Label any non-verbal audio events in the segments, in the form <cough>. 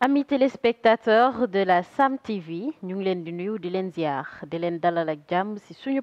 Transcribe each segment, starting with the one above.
amis téléspectateurs de la Sam TV ñu ngi leen di nuyu di de ziar di si dalal ak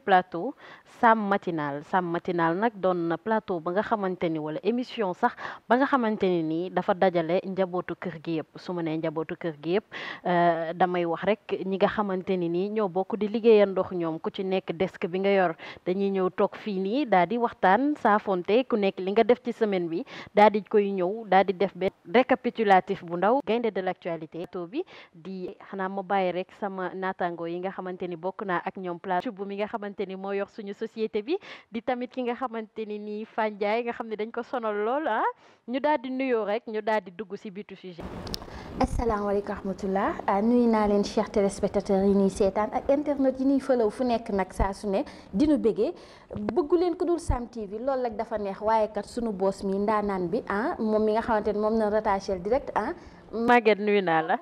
plateau Sam matinal Sam matinal nak doon na plateau ba nga wala émission sax ba nga xamante ni dafa dajale njabootu kër gi yëpp su ma nee njabootu kër gi yëpp euh, damay wax rek ñi nga ni nii ñoo bokk di liggéeyandox ñoom ku ci nekk desk bi nga yor dañuy ñëw toog fii nii daal di waxtaan saafonte ku nekk li nga def ci semaine bi di koy ñëw daal di def benn récapitulatif bu ndaw gaynde de to bi di xana ma bay rek sama natango yi nga xamanteni bokku na ak ñom place bu mi nga xamanteni mo yox suñu société bi di tamit ki nga xamanteni ni fanjay nga xamni dañ ko sonal lool ah ñu dal di nuyo rek ñu dal di dugg ci bitu sujet alaykum rahmatullah ah, nuyu naa leen chers téléspectateurs yi ni seetaan ak internet yi ni feulaw fu nek nak sa su ne dinu bëggee bëggu len ko dul Sam TV loolu rek dafa neex waye kat sunu boss mi ndaanaan bi ah mom mi nga xamante mom na rattacher direct ah màgget nuyu naa la.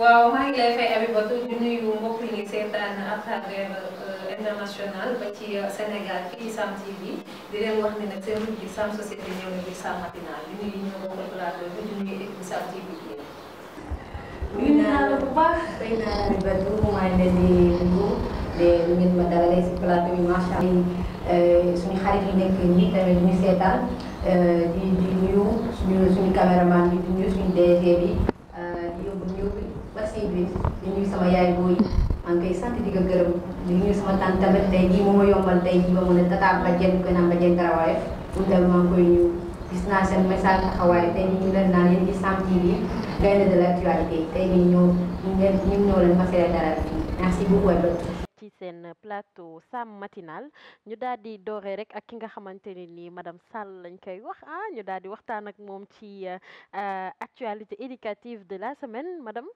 waaw maa ngi lay fay Abibatou nuyu mbokk seetaan à euh, international ba ci euh, Sénégal fii Sam TV di leen wax ne nag seen rubrique Sam Société ñëw na Sam Matinal ñu nuyu ñu bokk plateau bi ñu nuyu équipe Sam TV bi. nuyu naa ngeen ma dalalee si plateau bi macha allah euh, suñu xarit yi nekk ñu seetaan. di di nuyu suñu suñu caméraman bi di nuyu suñu DG bi di yóbbu nuyu bassin bi di nuyu sama yaay booy maa ngi di ko gërëm di nuyu sama tante tamit tey jii moom a yombal tey jii ba mu ne tata ba jën ko naan ba jën garawaay mu dem maa ngi koy nuyu gis naa seen message taxawaay tey ñu leen naan yéen ci Sam TV gaynde de l'actualité tey ñoo ñu ñoo leen masale dara merci beaucoup ci seen plateau Sam matinal ñu daal di dooree rek ak ki nga xamante ne nii madame Sall lañ koy wax ah ñu daal di waxtaan ak moom ci euh, actualité éducative de la semaine madame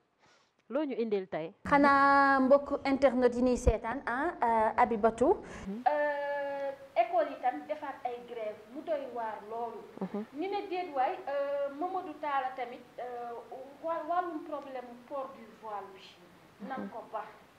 loo ñu indeel tey. xanaa mbokk internet yi ñuy seetaan ah euh, abibatu mhm. euh, école yi tam defaat ay grève mu doy waar loolu mhm. ñu ne déet waay Mamadou Talla tamit wàllum problème port voile bi nan ko baax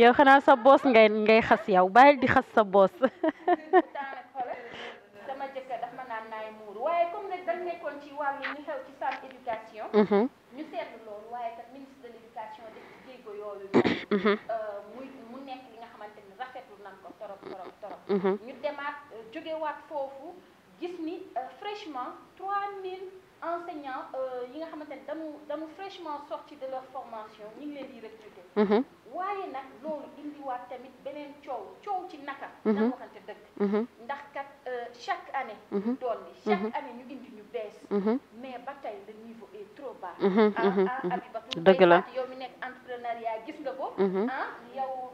yow xanaa sa boos ngay ngay xas yow bàyyil di xas sa boos. sama jëkkër daf naan naay muuru waaye comme nag dañ nekkoon ci wàllu ñu xew ci sam éducation. Mhm. Mhm. Euh, mu nekk li nga xamante ni rafetlu nan ko torop torop torop. Mhm. ñu demaat euh, jógewaat foofu. gis ni euh, fraîchement 3000 enseignants euh yi nga xamante dañu dañu fraîchement sorti de leur formation ñu ngi leen di recruter. Mm-hmm. waaye nag loolu indiwaat tamit benen coow coow ci naka. Mm-hmm. na waxante dëgg. Mm-hmm. ndax kat euh, chaque année. dolli chaque année ñu indi ñu bees. mais ba tey le niveau est trop bas. hmm hmm Abibatou ah, ah, dëgg la yow mi nekk entrepreneuriat gis nga ko. hmm yow.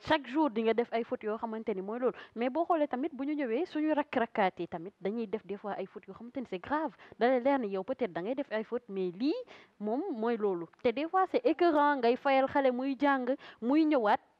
chaque jour di nga def ay fautes yo xamanteni moy mooy mais bo xolé tamit buñu ñëwé suñu rakk-rakkaat tamit dañuy def des fois ay fautes yo xamanteni c'est grave dalay leer ni yow peut-être da ngay def ay fautes mais li mom moy loolu té des fois c'est écœurant ngay fayal xalé muy jang muy ñëwaat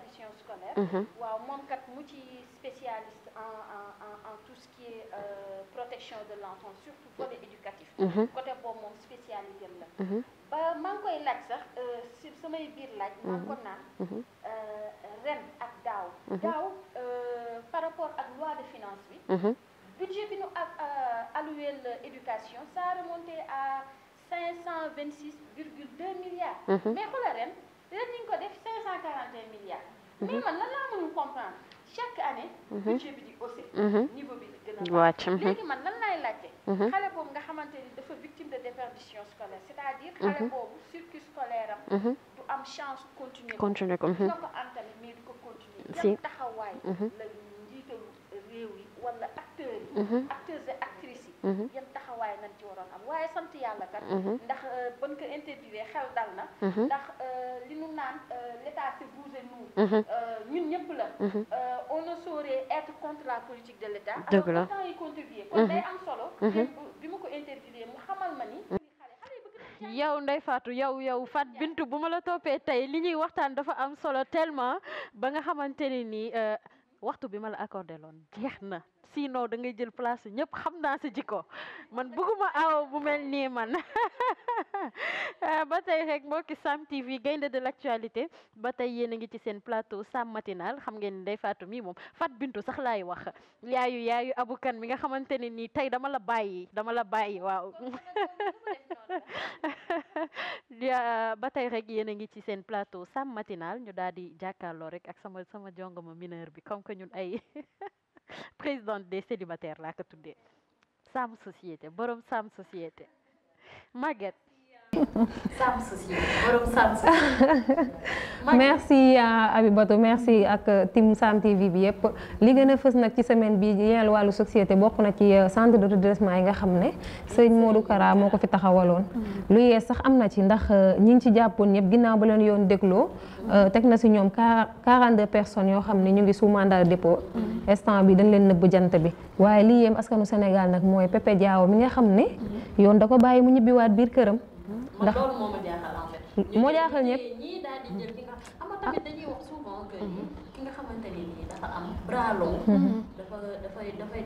tradition scolaire. Mhm. waaw moom kat mu spécialiste en en en tout ce qui est euh, protection de l'enfant surtout pour les éducatif. Mhm. côté pour mon spécialité là bah mhm. ba maa ngi koy sax euh, si samay biir dire maa ngi ko naan euh, par rapport à loi de financement budget bi alloué l'éducation ça a remonté à 526,2 milliards. mais xoolal rien ren ñu ngi ko def 541 milliards. Mhm. mais man lan laa mënul comprendre chaque année. Mhm. budget bi di haussé. Mhm. niveau bi di gën a wàcc léegi man lan laay laajte. xale boobu nga xamante ni dafa victime de déperdition scolaire c'est-à-dire. xale boobu circuit scolaire am. du am chance continuer ko. continuer ko nga ko am tamit mais du ko continuer. si taxawaay. la njiitalu réew yi wala acteurs yi. acteurs Mhm. yan taxawaay nañ ci waroon am waaye sant yàlla kat mhm. ndax euh, ban ko interviewé xel dal na mhm. ndax euh, li nu naan euh, l'état fait bouger nous ñun ñëpp la on ne saurait être la politique de l'état alors que kon day am solo bi ma ko interviewé mu xamal ma ni yow Ndeye Fatou yow yow Fat bint bu ma la toppee tey li ñuy waxtaan dafa am solo tellement ba nga xamante ne nii waxtu bi ma la accordé loon jeex na sinon da ngay jël place ñëpp xam naa sa jikko man bëgguma aw bu mel nii man <laughs> ba tey rek mbokki Sam TV gaynde de l'actualité ba tey yéen a ngi ci seen plateau Sam matinal xam ngeen ni day faatu mii moom Fat Bintou sax laay wax yaayu yaayu mi nga xamante ne nii tey dama la bàyyi dama la bàyyi waaw <laughs> ba tey yéen a ngi ci seen plateau Sam ñu daal di jàkkaarloo rek ak sama sama jongoma mineur bi comme que ñun ay <laughs> présidente des célibataires laa ko tuddee Sam société borom Sam société Maguette <laughs> merci Abibatou merci ak team Sam TV bi yëpp li gën a fës nag ci semaine bi ñeel wàllu société bokk na ci euh, centre de redressement yi nga xam ne sëñ Modou Kara moo ko fi taxawaloon mm. lu yees sax am na ci ndax euh, ñi ngi ci jàppoon ñëpp ginnaaw ba leen yoon dégloo mm. euh, teg na si ñoom quarante-deux personnes yoo xam ne ñu ngi sous dépo de mm. instant bi dañ leen nëbb jant bi waaye li yéem askanu Sénégal nag mooy Pépé Diaw mi nga xam ne yoon da ko bàyyi mu ñibbiwaat biir këram ndax loolu moo ma jaaxal en moo jaaxal ñëpp daal di jël ki nga xam mhm. ne nii dafa am bras long. Mhm. Mhm. dafa dafay dafay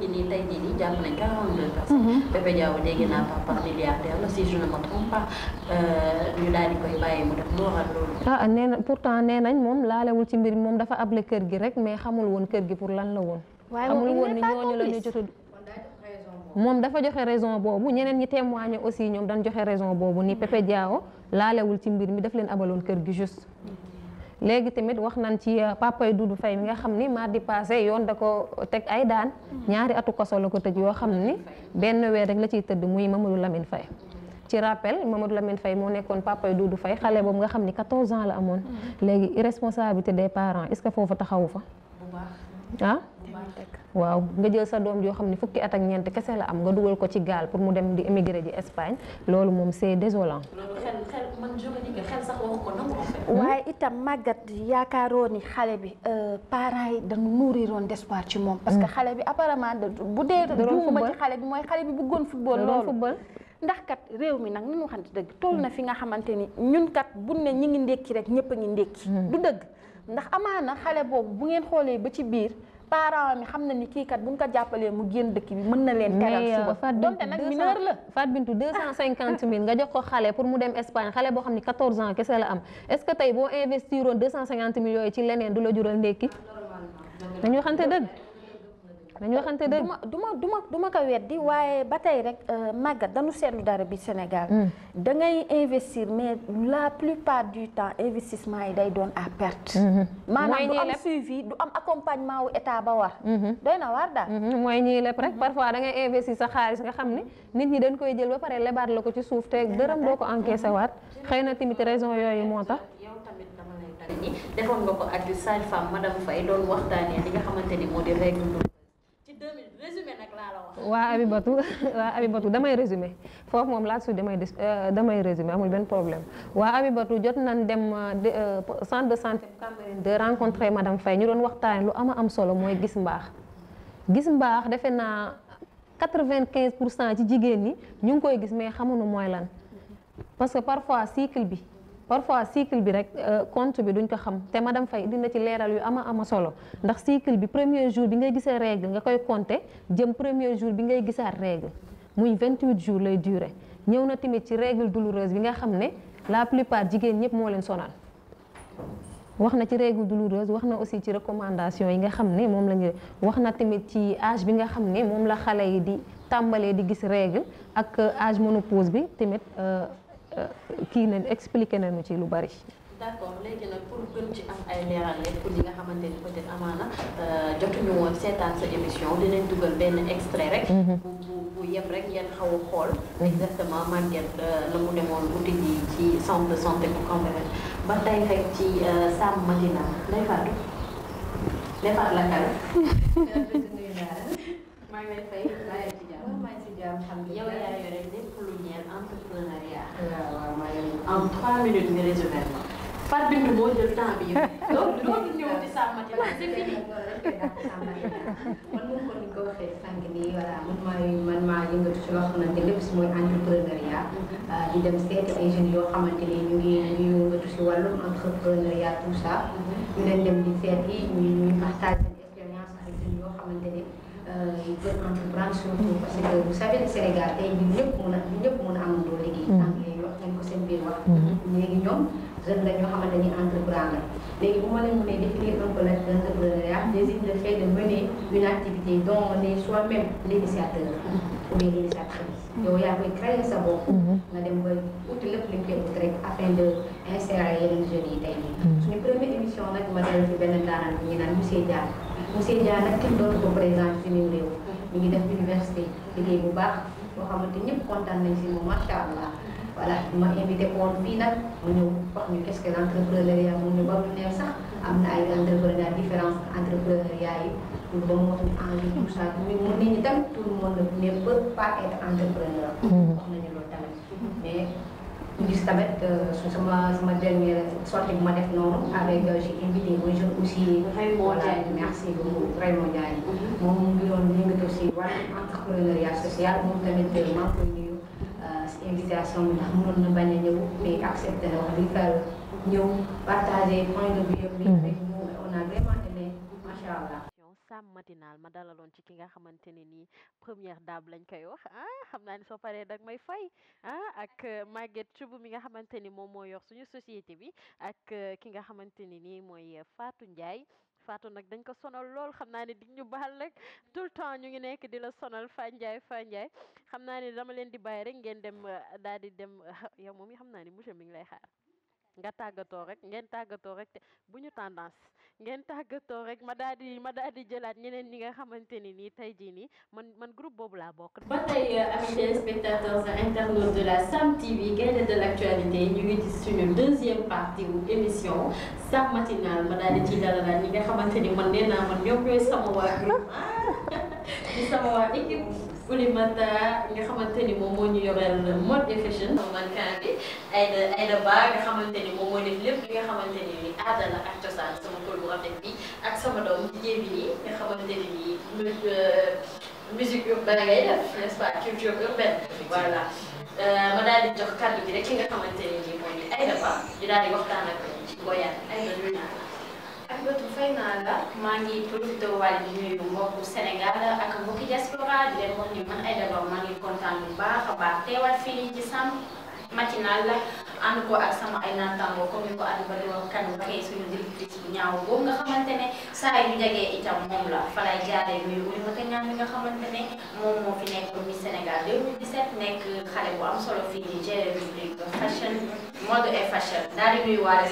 ñi ne nii. jàpp nañ 42 ne me euh, ñu daal di koy bàyyi mu def mu waxal loolu. ah pourtant nee nañ moom laalewul ci mbir moom dafa able kër gi rek mais xamul woon kër gi pour lan la woon. amul woon ni ñooñu la ñu jot a dafa joxe raison boobu ñeneen ñi témoigné aussi ñoom dañ joxe raison boobu ni Pépé Diawo laalewul ci mbir mi daf leen abaloon kër gi juste léegi tamit wax nañ ci euh, papay Doudou Faye mi nga xam ni mardi passé yoon da ko teg ay daan ñaari atu kaso ko tëj yoo xam ni benn weer rek la ciy tëdd muy ma Mamadou Lamine fay ci rappel Mamadou Lamine fay moo nekkoon papay Doudou fay xale boobu nga xam ni 14 ans la amoon mm-hmm. léegi irresponsabilité des parents est-ce que foofu taxawu fa ah waaw nga jël sa doom yoo xam ne fukki at ak ñeent kese la am nga dugal ko ci gaal pour mu dem di émigré ji Espagne loolu moom c'est désolant. waaye itam màggat yaakaaroo ni xale bi euh, parents yi dañu nourriroon d'espoir ci moom. parce que mm. xale bi apparemment bu dee. juuma ci xale bi mooy xale bi bëggoon football. loolu football. ndax kat réew mi nag ñu waxante dëgg toll na mm. fi nga xamante ni ñun kat bu ne ñi ngi ndékki rek ñëpp a ngi ndékki. Mm. du dëgg ndax amaana xale ngeen xoolee ba ci biir. parent mi xam na ni kii kat buñ ko jàppalee mu génn dëkk bi mën na leen teral euh, suba donte nag mineur la deux cent cinquante mille nga jox ko xale pour mu dem Espagne xale boo xam ne quatorze ans kese la am est que tey boo investiroon deux cent cinquante mille yooyu ci leneen du la jural ndékki dañu xante dëgg nañu waxante dëgg du ma duma ma du ma ko waaye ba tey rek euh, màggat dañu seetlu dara bi Sénégal. Mm. da ngay investir mais la plupart du temps investissement yi day doon à perte. Mm-hmm. maanaam du am du am accompagnement wu état ba war. Mm-hmm. doy na waar daal. Mm-hmm. mooy ñii lépp rek parfois da ngay investir sa xaalis nga xam ne nit ñi dañ koy jël ba pare lebaat la ko ci suuf te dërëm doo ko encaissé waat xëy na tamit raison yooyu moo tax. defoon nga ko deux minutes résumé nag laa waa Abibatou waa Abibatou damay résumé foofu moom laaj damay des euh, damay résumé amul benn problème waa Abibatou jot nañ dem euh, euh, centre de santé ma de rencontrer madame Faye ñu doon waxtaane lu ama am solo mooy gis mbaax gis mbaax defe naa quatre-vingt-quinze pour cent ci jigéen ñi ñu ngi koy gis mais xamuñu mooy lan parce que parfois cycle bi. parfois cycle bi rek euh, compte bi duñ ko xam te madame Faye dina ci leeral yu ama ama solo ndax cycle bi premier jour bi ngay gisee règle nga koy compter jëm premier jour bi ngay gisaat règle muy 28 jours lay durer ñëw na tamit ci règle douloureuse bi nga xam ne la plupart jigéen ñëpp moo leen sonal. wax na ci règle douloureuse wax aussi ci recommandation yi nga xam ne moom la ñu wax na tamit ci âge bi nga xam ne moom la xale di tàmbalee di gis règle ak âge ménopause bi tamit. Euh, ki nañ expliqué nañu ci lu bari d' accord léegi pour gën ci am ay leeral rek pour ñi nga xamante peut être euh, sa émission dinañ extrait rek. Mhm. bu bu bu yem rek ngeen xaw a xool. Mhm. exactement Maguette euh, la mu demoon uti ji ci centre de santé bu Cambérène ba tey rek ci euh, Sam Madina Ndeye Fatou Ndeye Fatou la kal. <laughs> maa ngi fay maa ci jàmm maa ci xam nga yow yaa lu entrepreneuriat waaw maa ngi en trois minutes nga résumé ma Fatou Bintou moo jël temps bi yëpp loolu loolu ñëw ci Samba Matina c'est fini. man moom kon ni ko waxee sànq nii voilà man maa man maa yëngatu ci loo xamante lépp si mooy entrepreneuriat. di dem seeti ay jeunes yoo xamante ni ñu ngi ñu yëngatu si wàllum entrepreneuriat tout ça. ñu leen dem di seeti ñu ñu partage seen expérience ak jeunes yoo xamante ni. yu bëri entreprendre surtout parce que vous savez le Sénégal tey ñun ñëpp mën a ñun ñëpp mën a amandoo liggéey. seen biir wax. Mhm. léegi ñoom jeune la ñoo xamante ni entrepreneur la léegi bu ma leen mënee définir un peu l'entrepreneuriat désigne le fait de mener une activité dont on est soi-même l'initiateur. Mhm. ou bien l'initiatrice. Mhm. yow yaa koy créer sa bopp. nga dem ba uti lépp li nga koy ut rek afin de insérer yeneen jeunes yi tey jii. suñu première émission nag ma dellu ci benn daanaka ñu naan monsieur Dia monsieur Dia nag kenn dootu ko présenter suñu réew. mi ngi def université liggéey bu baax boo xamante ñëpp kontaan nañ si moom macha allah. wala ma-invité pour un fii on mu ñëw wax qu'est-ce que l'entrepreneuriat, entrepreneuriat mu ñu ba mu ne sax am ay entrepreneuriat différence entrepreneuriat yi pour bon mu ñu envie tout ça mais mon nit tam tout le monde ne peut pas être entrepreneur wax nañu loolu tamit mais ce tamit sama ma dernière sortie que ma def non avec j'ai invité un jeune aussi voilà merci beaucoup Raymond Ndiaye moom mu ngi doon yëngatu aussi wàllu entrepreneuriat social moom tamit membre si invitation bi na mm-hmm. ma dalaloon ci ki nga xamante ne nii première dame lañ koy wax ah, xam naa ni soo paree dag may fay ah, ak euh, Maguette mi nga xamante ni moom moo yor suñu société bi ak euh, ki nga xamante ne nii mooy euh, faatu njaay Fatou nag dañ ko sonal lool xam naa ne di ñu baal rek tout le temps ñu ngi nekk di la sonal Fandiaye Fandiaye xam naa ne dama leen di bàyyi rek ngeen dem euh, daal di dem <laughs> yow moom yi xam naa ne monsieur mi ngi lay xaar. nga tàggatoo rek ngeen tàggatoo rek te bu ñu tendance ngeen <laughs> tàggatoo rek ma daal ma daal jëlaat ñeneen ñi ngay xamante ni nii tey jii nii man man groupe boobu laa bokk. ba tey euh, amis téléspectateurs et internautes de la Sam TV gaynde de l' ñu ngi ci suñu deuxième partie wu émission Sam matinal ma daal ci dalalaat ñi nga xamante man nee man ñoom ñooy sama waa ah, <laughs> di sama waa équipe. Oulimata nga xamante ni moom moo ñu yoreel mode et fashion mannequin bi Aïda Aïda Ba nga xamante ni moom moo def lépp li nga xamante ni ni aada la ak cosaan sama tool bu rafet bi ak sama doom jigéen bi nii nga xamante ni nii musique urbaine ngay def n'est-ce pas culture urbaine voilà ma daal di jox kàddu gi rek ki nga xamante ni nii mooy Aïda Ba di daal di waxtaan ak ci Ngoyane Aïda nuyu naa la Fatou fay naa la maa ngi profité waay di nuyu mbokku Sénégal ak mbokki diaspora di leen wax ni man ay d'abord maa ngi kontaan bu baax a baax teewaat fii nii Matinal la ànd ko ak sama ay naataangoo comme ni ko ànd ba di wax kan waxee suñu directrice bu ñaaw boobu nga xamante ne saa yu jagee itam moom la fa lay jaaree nuyu uñu naka ñaan ne moom moo fi nekk Miss Sénégal 2017 nekk xale bu am solo fii di jëre rubrique fashion mode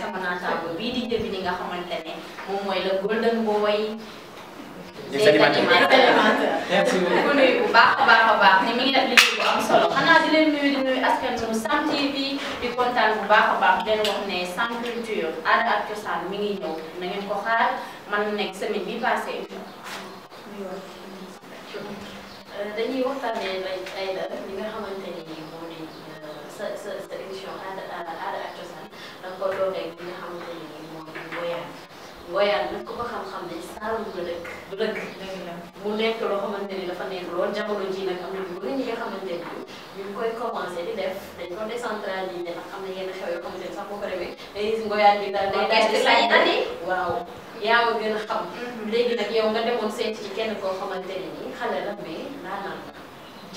sama naataangoo bii di jëbi ni nga xamante ne moom mooy la golden boy des animateurs merci beaucoup nuyu bu baax a baax a ni mi ngi def am solo xanaa di leen nuyu Sam TV di kontaan bu baax a baax den wax ne Sam Culture aada ak cosaan mi ngi ñëw na ngeen ko xaar man nekk semaine bi passé dañuy waxtaanee lay ay la li nga xamante ni moo di euh, sa sa sa émission aada aada ak cosaan da nga ko doon rek Ngoyaan nag ku ko xam-xam ne Saalum la dëkk. du dëkk mu nekk loo xamante ni dafa nekk lool jamono ji nag am na lu bëri ñi nga xamante ni ñu ngi koy commencé di def dañ ko décentralisé ndax am na yenn xew yoo xamante ni sax boo ko demee day gis Ngoyaan bi daal day daal di sañati waaw yaa ma gën a xam. Mm-hmm. léegi nag yow nga demoon seeti ci kenn koo xamante ne nii xale la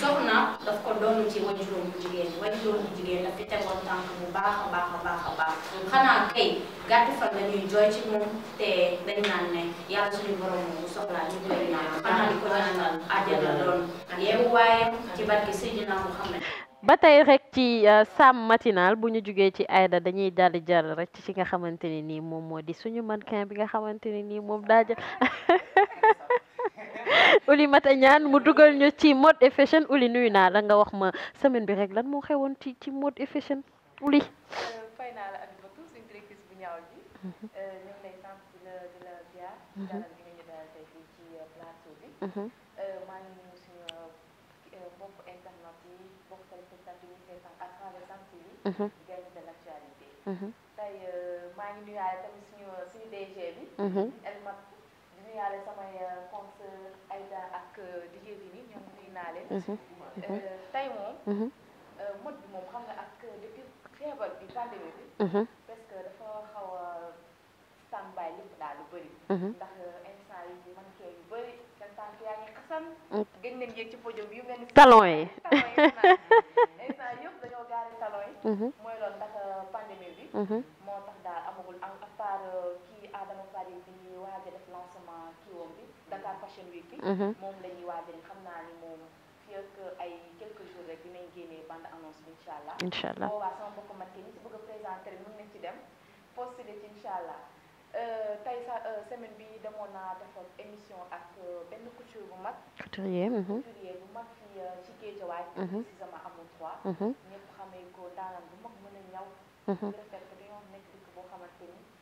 soxna daf ko doon ci wajuróom bu jigéen daf fi tegoon tànk bu baax a baax a baax a baax xanaa kay gàtt fan la jooy ci moom te dañ naan ne yàlla suñu borom moom bu soxlaa ñu koy ci barke Seydina Muhammad ba tey rek ci euh, Sam bu ñu jógee ci Aida dañuy daal di rek ci nga xamante nii moom moo di suñu mannequin bi nga xamante ne nii moom daa jël <laughs> Ouly Mata Niane mu dugal ñu ci mode et fashion nuyu naa la nga wax ma semaine bi rek lan moo xewoon ci ci mode et fashion Ouly. fay naa suñu directrice bi. Mhm. Euh, ñu ngi lay sant di la di bi mhm. nga ñu dalal tey fii ci euh, plateau bi. Mhm. Euh, maa ngi nuyu suñu mbokk internet yi mbokk téléspectateurs ngi à travers tamit suñu suñu bi. nuyaale samay euh, consœur Aïda ak DJ euh, Vini ñoom nuyu naa leen. Mhm. Euh, mhm. tey moom. Mhm. mode bi moom xam nga ak depuis feebar bi pandémie bi. parce que dafa xaw a standby lépp daal lu bëri. ndax instant yi man kee yu bëri seen tànk yaa ngi xasan. gën leen yéeg ci podium bi yu mel ni. talon yi <laughs> talon yi instant yëpp dañoo gaari talon yi. mooy loolu ndax pandémie bi. yi bi ñuy waaj a def lancement kiiwam bi Dakar Fashion Week bi mm-hmm. moom la ñuy waaj xam naa ni moom fii ak ay quelques jours rek dinañ génnee bande annonce bi incha allah incha allah boobaa sama mbokk matte ni si bëgg a présenté rek mën nañ ci dem posté ci incha allah euh, tey sa euh, semaine bi demoon naa defar émission ak euh, benn couture bu mag couturier mm-hmm. couturier bu mag fii ci Guédiawaye ci mm-hmm. sama amul trois ñëpp xamee ko ndaanaan bu mag mën a ñaw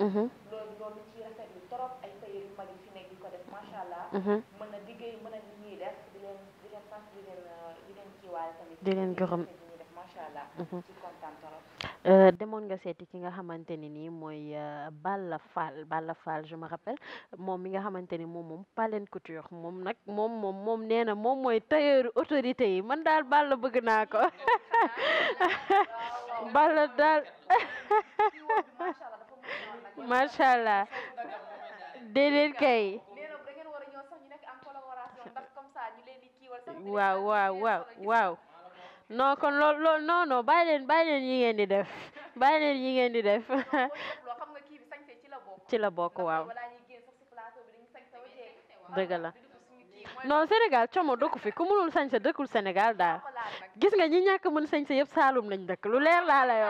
Mm-hmm. loolu loolu mm-hmm. ñu euh, mm-hmm. euh, demoon nga seeti ki nga xamante ne nii mooy euh, Balla Fall Balla je me rappelle moom mi nga xamante ni moom moom Palen Couture moom nag moom moom moom moom mooy tailleur autorité yi man daal Balla bëgg naa ko <laughs> Balla daal. <laughs> macha allah déedéet kay. waaw waaw waaw waaw. kon lool loolu non non yi ngeen di def bàyyi yi ngeen di def. ci la bokk waaw. dëgg la. non Sénégal como dëkku fi ku mënul sañse dëkkul senegal daal gis nga ñi ñàkk mën sañse yëpp Saalum lañ dëkk lu leer laa lay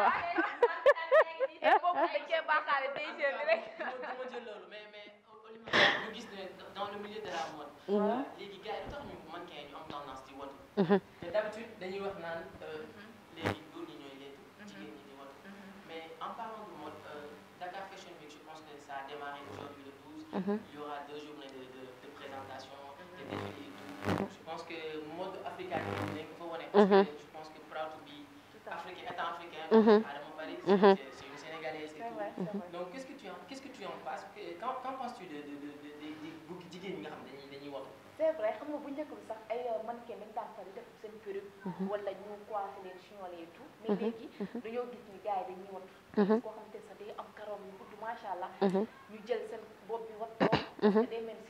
dañ cee baaxaale tey mais mais dans le milieu de la mode. Mhm. Euh, les gars yi tax ñu mannequin ñu am tendance ci watu. mode. Mhm. d'habitude dañuy wax naan euh, mhm. léegi góor ñi ñooy ñi di mais en parlant de mode euh, Dakar Fashion Week je pense que ça a démarré aujourd'hui le 12. il y aura deux journées de présentation de défilé je pense que mode africain est dinañ je pense que Proud to be africain étant africain. Ah, Mm-hmm. donc qu'est-ce que tu en qu'est-ce que tu en penses qu'en penses-tu de de de de de nga xam c'est vrai xam nga bu njëkk sax ay euh, mannequin dañ daan faral def seen des mm-hmm. wala ñu coiffé les chignon et tout. mais mm-hmm. léegi des gis ni gars dañuy ne sax day am des yu allah. ñu jël des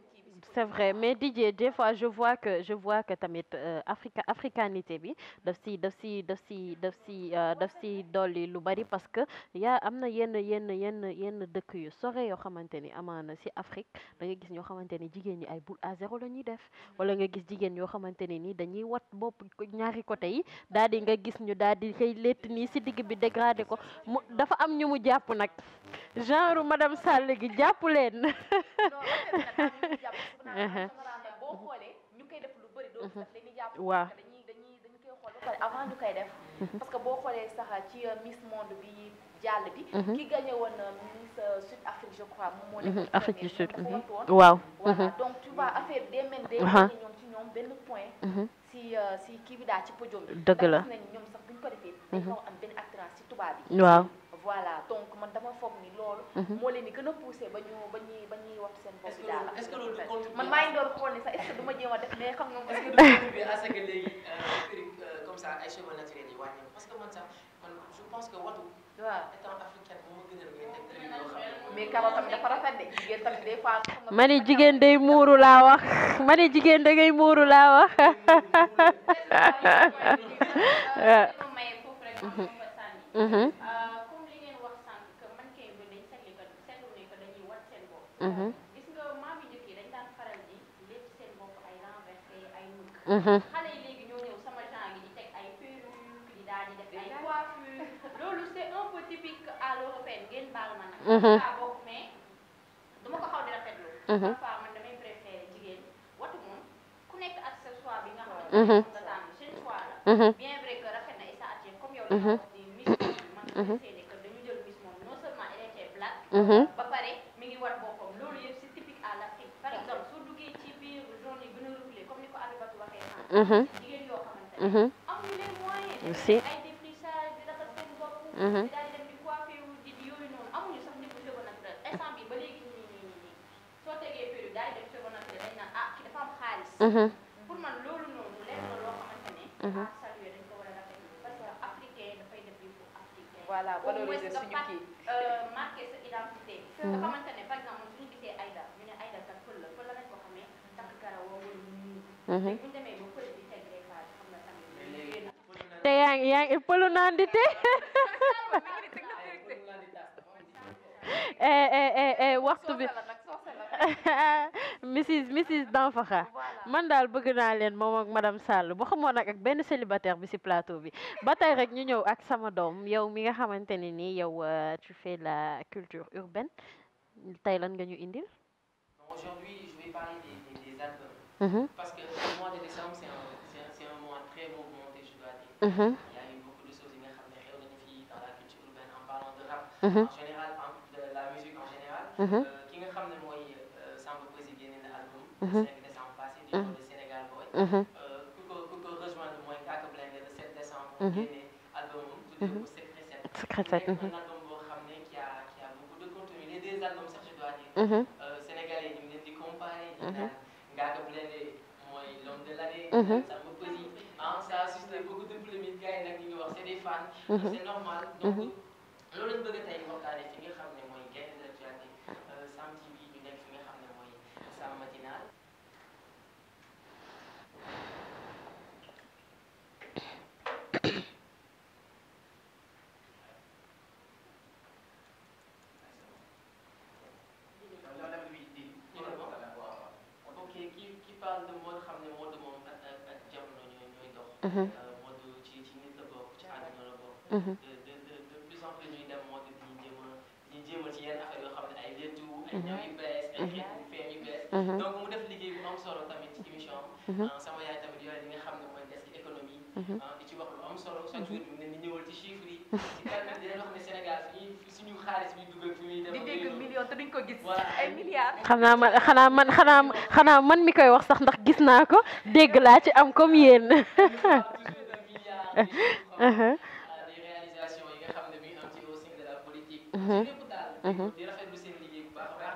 c'est vrai mais Didier des fois je vois que je vois que tamit euh, africa africanité bi daf si daf si daf si daf si euh, daf lu bari parce que yaa am na yenn yenn yenn yenn dëkk yu sore yoo xamante ni amaana si Afrique da nga gis ñoo xamante ni jigéen ñi ay boule à zéro la def wala nga gis jigéen yoo xamante ni dañuy wat Bob ñaari côté yi daal di nga gis ñu daal létt nii si digg bi dégradé ko dafa am ñu mu genre madame Sall gi jàpp leen. boo xoolee ñu koy def lu bëri doo sax dañuy jàpp waaw dañuy dañuy dañu koy xool ba pare avant ñu koy def parce que boo xoolee sax ci Miss Monde bi jàll bi ki gagné woon Miss uh, Sud Afrique je crois moom moo nekk Afrique du Sud waaw voilà donc tu vois affaire des men des ñoom ci ñoom benn point si uh, si kii bi daal ci podium bi dëgg la nañ ñoom sax buñu ko defee dañ kaw am ah, benn actrice ci tubaab bi waaw voilà donc man dama foog ni loolu. Mhm. moo leen di gën a poussé ba ñu ba ñuy ba ñuy wax seen bopp daal. est-ce que loolu man maa ngi doon xool ni sax est-ce que du ma jéem a def mais xam nga. est-ce que du contribuer à ce que léegi euh, euh, comme ça ay cheveux naturels yi wàññi parce que man sax man je pense que watu. waaw étant africaine moo gën a mais kawar tamit dafa rafet de jigéen tamit des fois. ma ni jigéen day muuru laa wax ma ni jigéen da ngay muuru laa wax. <laughs> <laughs> waaw. <laughs> Mm-hmm. gis nga maam yu njëkk yi dañ daan faral di lépp seen bopp ay renversé ay mugg mm-hmm. xale yi léegi ñoo ñëw sama genre yi di teg ay perruque di daal di def ay coiffure loolu c'est un peu typique à l'européenne ngeen baal ma nag mm-hmm. daa bokk mais dama ko xaw di rafetlu parfois man damay préféré jigéen watu moom ku nekk accessoire bi nga xam ne nga tànn seen choix la bien vrai que rafet na isa attier comme yow la di miss man dañu jël miss moom non seulement elle était black jigéen yoo xamante ne amuñu les moyens si ay défrichage di raxas seen bopp di daal di dem di coiffé wu di yooyu noonu amuñu sax nit bu cheveux naturel instant bi ba léegi nii nii nii nii soo tegee perruque daal di dem cheveux naturel dañ naan ah ki dafa am xaalis pour man loolu noonu lenn la loo xamante ne à saluer dañ ko war a rafetlu parce que africain dafay def yëfu africain voilà valoriser suñu kii marqué sa identité nga xamante ne par exemple suñu gisee Aïda ñu ne Aïda kat fël la fël la nañ ko xamee takk garaw wala ñu te yaa ngi yaa ngi ëppalu eh, naan di <laughs> eh, eh, waxtu bi Mrs Mrs Danfakha man daal bëgg naa leen moom ak madame Sall bu xamoon nag ak benn célibataire bi ci plateau bi ba tey rek ñu ñëw ak sama doom yow mi nga xamante ne nii yow euh, tu fais la culture urbaine tey lan nga ñu indil. Il y a eu beaucoup de choses mm-hmm. qui sont dans la culture urbaine en parlant de rap, en général, de la musique en général. Qui nga xam mm-hmm. ne mm-hmm. mooy Samba Peuzzi génne na album, le 5 décembre passé, du coup de Sénégal Boy. Ku ko ku ko rejoindre mooy Ngaaka Blindé le 7 décembre, génne album tuddee ko Secret 7. Secret 7. Un album boo xam ne qui a qui a beaucoup de contenu. Les deux albums sax je dois dire. Sénégalais ñu ngi leen di comparer. Ngaaka Blindé mooy l'homme de l'année. fan. c'est normal donc loolu lañ bëgg tey waxtaanee fi nga xam ne ak ñaari bees ay xeetu feeñ yu bees donc mu def liggéey bu am solo tamit ci émission mm-hmm. ah, mm-hmm. ah, ci am solo mm-hmm. chaque jour mu ne ni ko gis man mi koy wax sax ndax gis naa ko dégg laa ci am comme yéen des uh-huh. euh, réalisations yi nga xam ne mi ngi ci au sein de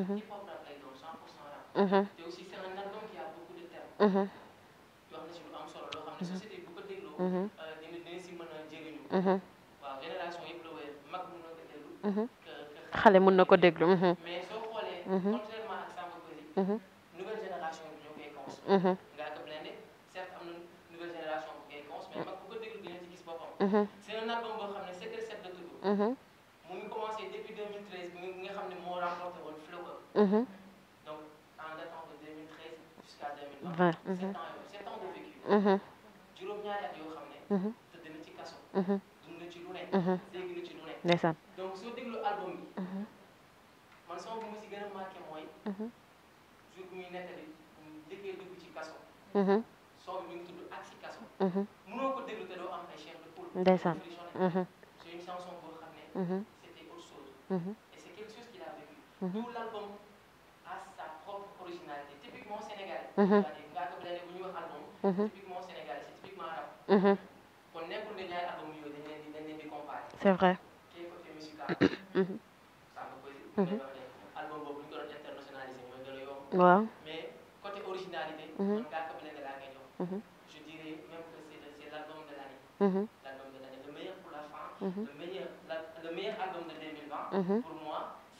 hip hop rap lay doon 100% rap. te aussi c'est un album qui a beaucoup de thèmes. yoo xam ne si lu am solo loo xam ne société bu ko dégloo. dina dina si mën a jëriñu. waaw génération yëpp la wér mag mun na ko déglu. xale mun na ko déglu. mais soo xoolee. contrairement ak Samba Peuzzi. nouvelle génération bi ñoo koy cons. ngaa ko blende certes am na nouvelle génération bu koy cons mais mag bu ko déglu dina ci gis boppam. c'est un album boo xam ne secret set la tudd. Mhm. donc en datant de 2013 jusqu'à 2020. 7 ans mhm. sept ans de vécu. Mhm. juróom-ñaari at yoo xam ne. tëdd na ci kaso. dund na ci lu ne. dégg na ci lu ne. ndeysaan donc soo déglu album bi. man son bu ma si gën a marqué mooy. jour bu muy nettali bu njëkkee dugg ci kaso. son bi mu ngi tudd ak si kaso. mënoo ko déglu te doo am ay chair de poule. ndeysaan c'est une chanson boo xam ne. c'était autre chose. D'où mhm. l'album a sa propre originalité typiquement sénégalais. c'est-à-dire nga ko dalee bu ñuy wax album. Mhm. typiquement sénégalais c'est typiquement rap. Mhm. kon nekkul ne ñaari album yooyu dañ leen di dañ leen di comparer. c'est vrai. kii côté musical. ça être un album boobu ñu internationalisé mooy gën a yomb. waaw mais côté originalité. man ngaa ko bële laa ngay je dirais même que c'est c'est l'album de l'année. l'album de l'année le meilleur pour la fin. le meilleur la le meilleur album de 2020. pour moi.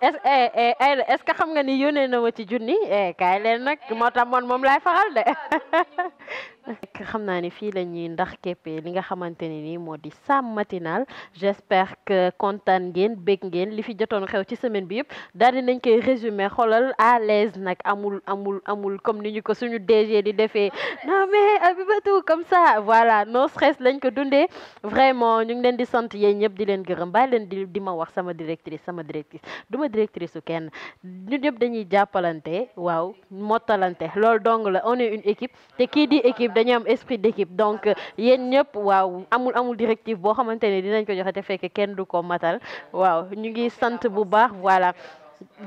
Eh, eh, est-ce que xam nga ni yone na ma ci jouni kay len de ah, <laughs> xam ni Je ndax li nga Matinal j'espère que li fi xew semaine bi à l'aise amul amul amul comme ni ko suñu DG di ah, non mais comme ça voilà non stress lañ ko vraiment ñu ngi len di sante vous ñep di len vous ma directrice su kenn ñu ñëpp dañuy jàppalante waaw mottalante lool dong la on est une équipe te kii di équipe dañuy am esprit d'équipe donc yéen ñëpp waaw amul amul directive boo xamante ne dinañ ko joxe te fekk kenn du ko matal waaw ñu ngi sant bu baax voilà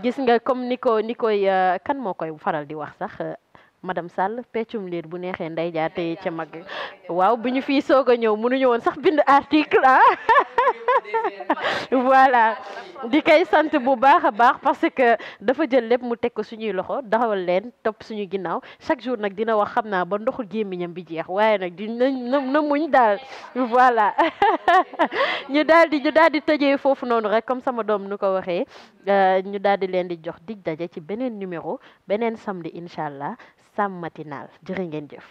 gis nga comme ni ko ni koy euh, kan moo koy faral di wax sax euh, madame Sall peccum liir bu neexee nday jaar tey ca mag waaw bu ñu fii soog a ñëw mënuñu woon sax bind article ah <laughs> voilà di koy sant bu baax a baax parce que dafa jël lépp mu teg ko suñuy loxo daxawal leen topp suñu ginnaaw chaque jour nag dina wax xam naa ba ndoxu gémmiñam bi jeex waaye nag di na na muñ daal voilà <laughs> ñu daal di daal di tëjee foofu noonu rek comme sama doom nu ko waxee euh, ñu daal di leen di jox dig daje ci beneen numéro beneen samedi incha allah Sam Matinal jërë ngeen jëf